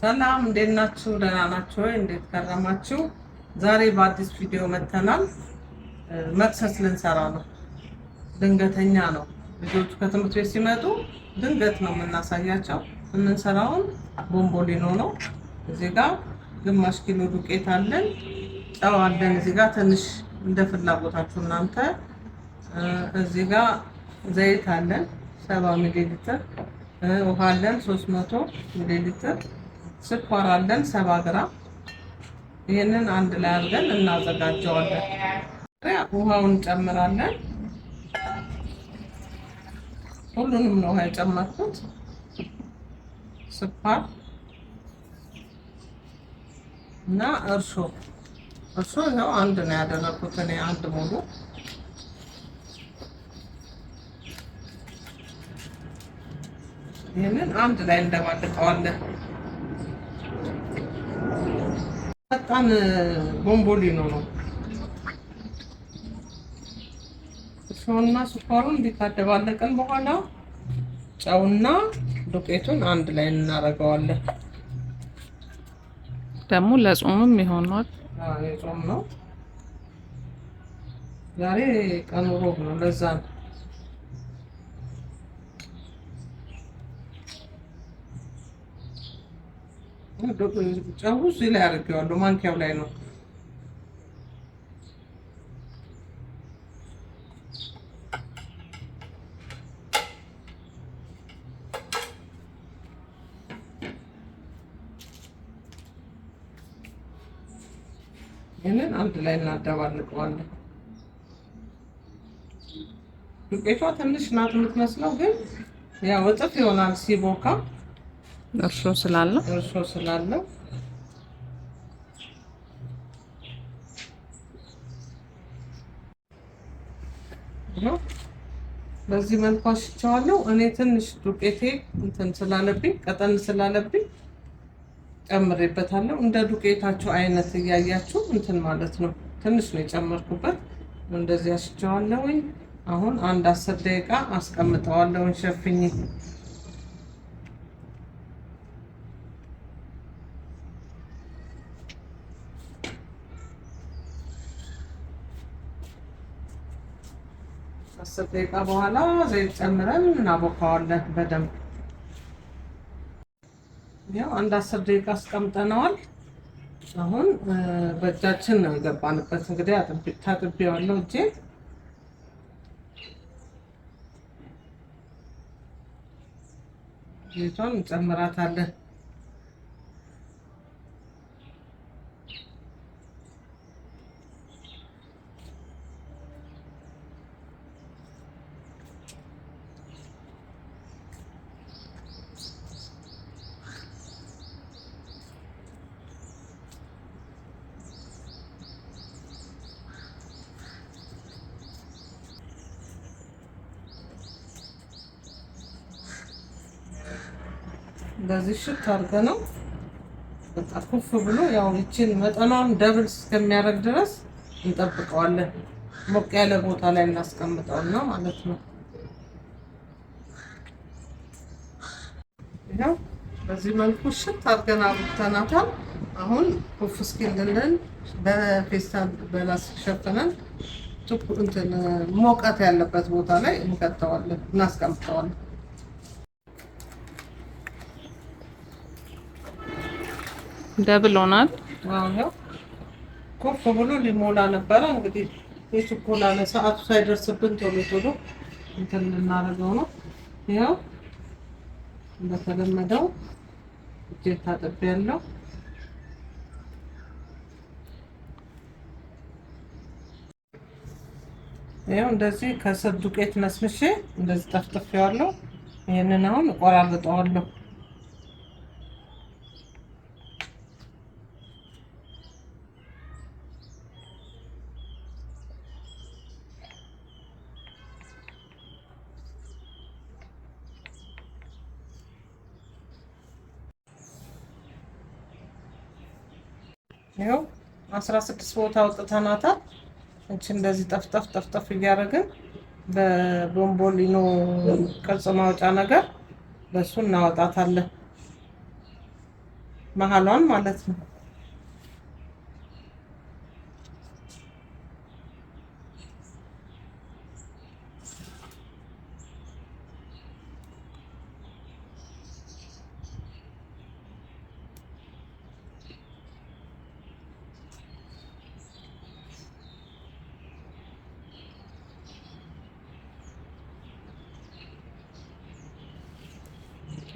ሰላም እንዴት ናችሁ? ደህና ናችሁ ወይ? እንዴት ከረማችሁ? ዛሬ በአዲስ ቪዲዮ መተናል። መክሰስ ልንሰራ ነው። ድንገተኛ ነው። ልጆቹ ከትምህርት ቤት ሲመጡ ድንገት ነው የምናሳያቸው። የምንሰራውን ቦምቦሊኖ ነው። እዚህ ጋር ግማሽ ኪሎ ዱቄት አለን፣ ጨው አለን። እዚህ ጋር ትንሽ እንደ ፍላጎታችሁ እናንተ። እዚህ ጋር ዘይት አለን 70 ሚሊ ሊትር ውሃ አለን 300 ሚሊ ሊትር ስኳር አለን ሰባ ግራም ይህንን አንድ ላይ አድርገን እናዘጋጀዋለን። ውሃውን ጨምራለን። ሁሉንም ነው ውሃ የጨመርኩት። ስኳር እና እርሶ እርሶ ው አንድ ነው ያደረኩት እኔ አንድ ሙሉ ይህንን አንድ ላይ እንደባልቀዋለን። በጣም ቦምቦሊኖ ነው። እሾውና ስኳሩን እንዲታደባለቅን በኋላ ጨውና ዱቄቱን አንድ ላይ እናደርገዋለን። ደግሞ ለጾምም ይሆናል። ጾም ነው ዛሬ ቀኑ ሮብ ነው። ለዛ ነው ጨው እዚህ ላይ አድርጌዋለሁ። ማንኪያው ላይ ነው። ይህንን አንድ ላይ እናደባልቀዋለን። ዱቄቷ ትንሽ ናት የምትመስለው፣ ግን ያው እጥፍ ይሆናል ሲቦካ እርሾ ስላለው እርሶ ስላለ በዚህ መልኩ አሽቸዋለሁ። እኔ ትንሽ ዱቄቴ እንትን ስላለብኝ ቀጠን ስላለብኝ ጨምሬበታለሁ። እንደ ዱቄታችሁ አይነት እያያችሁ እንትን ማለት ነው። ትንሽ ነው የጨመርኩበት። እንደዚህ አሽቸዋለሁኝ። አሁን አንድ አስር ደቂቃ አስቀምጠዋለሁኝ ሸፍኝ አስር ደቂቃ በኋላ ዘይት ጨምረን እናቦካዋለን በደንብ። ያው አንድ አስር ደቂቃ አስቀምጠነዋል። አሁን በእጃችን ነው የገባንበት። እንግዲህ ታጥቤዋለሁ እጄ ዘይቷን እንጨምራታለን። እንደዚህ ሽት አድርገ ነው በቃ ኩፍ ብሎ ያው ይችን መጠኗን ደብል እስከሚያደርግ ድረስ እንጠብቀዋለን። ሞቅ ያለ ቦታ ላይ እናስቀምጠውና ማለት ነው። ይኸው በዚህ መልኩ ሽት አድርገን አብተናታል። አሁን ኩፍ እስኪልልን በፌስታል በላስቲክ ሸፍነን ሞቀት ያለበት ቦታ ላይ እንከተዋለን፣ እናስቀምጠዋለን። ደብሎናል። ሆናል። ኮፍ ብሎ ሊሞላ ነበረ። እንግዲህ የችኮላ ለሰዓቱ ሳይደርስብን ቶሎ ቶሎ እንትን ልናደርገው ነው። ይኸው እንደተለመደው እጄን ታጥቤያለሁ። ይኸው እንደዚህ ከስር ዱቄት ነስንሼ እንደዚህ ጠፍጥፌዋለሁ። ይህንን አሁን እቆራርጠዋለሁ። ይኸው አስራ ስድስት ቦታ አውጥተናታል። እንቺ እንደዚህ ጠፍጠፍ ጠፍጠፍ እያደረግን በቦምቦሊኖ ቅርጽ ማውጫ ነገር በሱ እናወጣታለን መሀሏን ማለት ነው።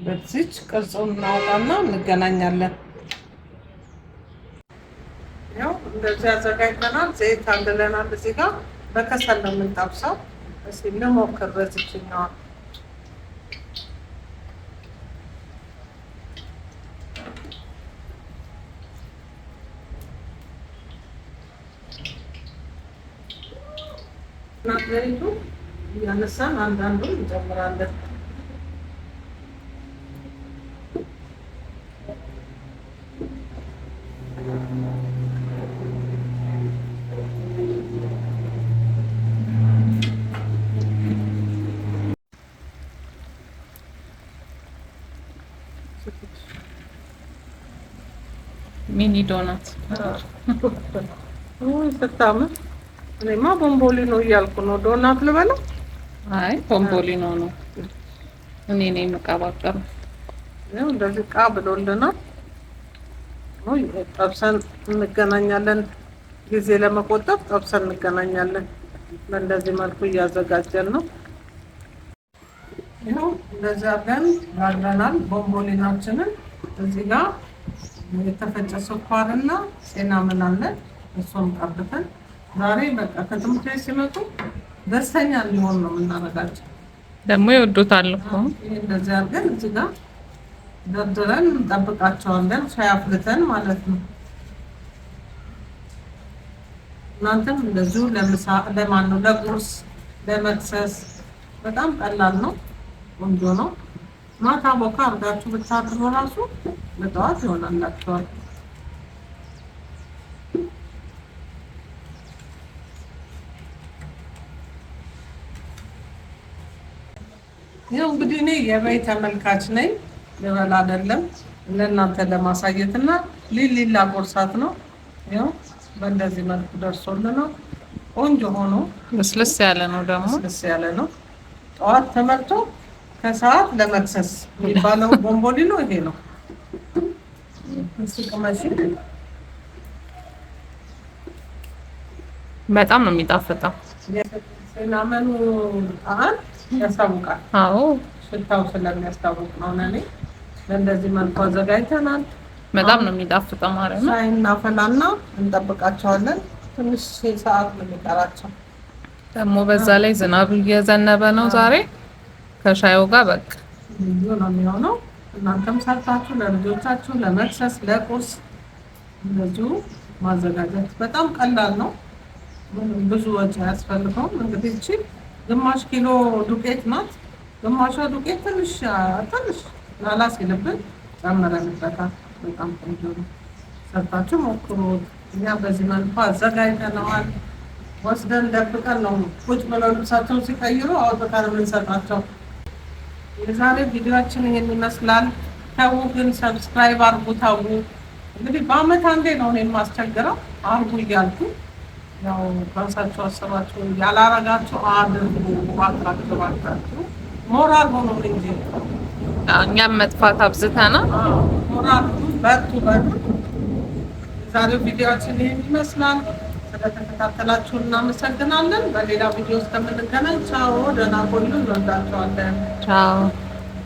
በዚች ቅርጹን እናውጣና እንገናኛለን። ያው እንደዚህ አዘጋጅተናል። ዘይት አንድለናል። እዚህ ጋር በከሰል ነው የምንጠብሰው። እስኪ ልሞክር በዚችኛዋ ናት እያነሳን አንዳንዱ እንጨምራለን። ሚኒ ዶናት ስታምር፣ እኔማ ቦምቦሊኖ እያልኩ ነው። ዶናት ልበለው? አይ ቦምቦሊኖ ነው። እኔ ነኝ የምቀባቀረው። እንደዚህ ቃ ብሎልናል። ነው። ጠብሰን እንገናኛለን። ጊዜ ለመቆጠብ ጠብሰን እንገናኛለን። በእንደዚህ መልኩ እያዘጋጀን ነው። ይኸው እንደዚህ አድርገን ጋግረናል። ቦምቦሊናችንን እዚህ ጋር የተፈጨ ስኳርና ጤና ምን አለ እሱም ቀብተን ዛሬ በቃ ከትምህርት ቤት ሲመጡ ደስተኛ እንዲሆን ነው የምናደርጋቸው ደግሞ ይወዱታል እኮ እንደዚህ አድርገን እዚህ ጋር ደርድረን እንጠብቃቸዋለን። ሻይ አፍልተን ማለት ነው። እናንተም እንደዚሁ ለምሳ ለማን ነው ለቁርስ፣ ለመክሰስ በጣም ቀላል ነው። ቆንጆ ነው። ማታ ቦካ አድርጋችሁ ብታድሩ ራሱ ለጠዋት ይሆናላቸዋል። ይኸው እንግዲህ እኔ የበይ ተመልካች ነኝ። ልበል አይደለም ለእናንተ ለማሳየት እና ሊሊላ ጎርሳት ነው። ያው በእንደዚህ መልኩ ደርሶልናል። ቆንጆ ሆኖ ልስልስ ያለ ነው። ደግሞ ልስልስ ያለ ነው። ጠዋት ተመርቶ ከሰዓት ለመክሰስ የሚባለው ነው። ይሄ ነው። በጣም ነው የሚጣፍጠው። ሲናመኑ ጣዕም ያሳውቃል አዎ ሽታው ስለሚያስታውቅ ነው። በእንደዚህ መልኩ አዘጋጅተናል። በጣም ነው የሚጣፍጠው። ማርያም ሻይ እናፈላና እንጠብቃቸዋለን። ትንሽ ሰዓት ነው የሚቀራቸው። ደግሞ በዛ ላይ ዝናብ እየዘነበ ነው ዛሬ። ከሻዩ ጋር በቃ ልዩ ነው የሚሆነው። እናንተም ሰርታችሁ ለልጆቻችሁ ለመክሰስ፣ ለቁርስ እንደዚሁ ማዘጋጀት በጣም ቀላል ነው። ብዙ ወጪ አያስፈልገውም። እንግዲህ ግማሽ ኪሎ ዱቄት ናት። ግማሿ ዱቄት ትንሽ ትንሽ ሲልብን ጨምረ ምጠጣት በጣም ቆንጆ ነው። ሰርታችሁ ሞክሩት እኛ በዚህ መልኩ አዘጋጅተነዋል። ወስደን ደብቀን ነው ቁጭ ብለው ልብሳቸውን ሲቀይሩ አውጥተን የምንሰጣቸው። የዛሬ ቪዲዮችን ይህን ይመስላል። ተው ግን ሰብስክራይብ አርጉ። ተዉ እንግዲህ በአመት አንዴ ነው እኔ የማስቸግረው። አርጉ እያልኩ ያው ራሳቸው አስባችሁ ያላረጋችሁ አድርጉ። አትራክባታችሁ ሞራል ሆኖ እንጂ እኛም መጥፋት አብዝተና በርቱ በርቱ። ዛሬው ቪዲዮችን ይህን ይመስላል። ስለተከታተላችሁ እናመሰግናለን። በሌላ ቪዲዮ እስከምንገናኝ ቻው። ደህና ቆዩ። እንወዳችኋለን። ቻው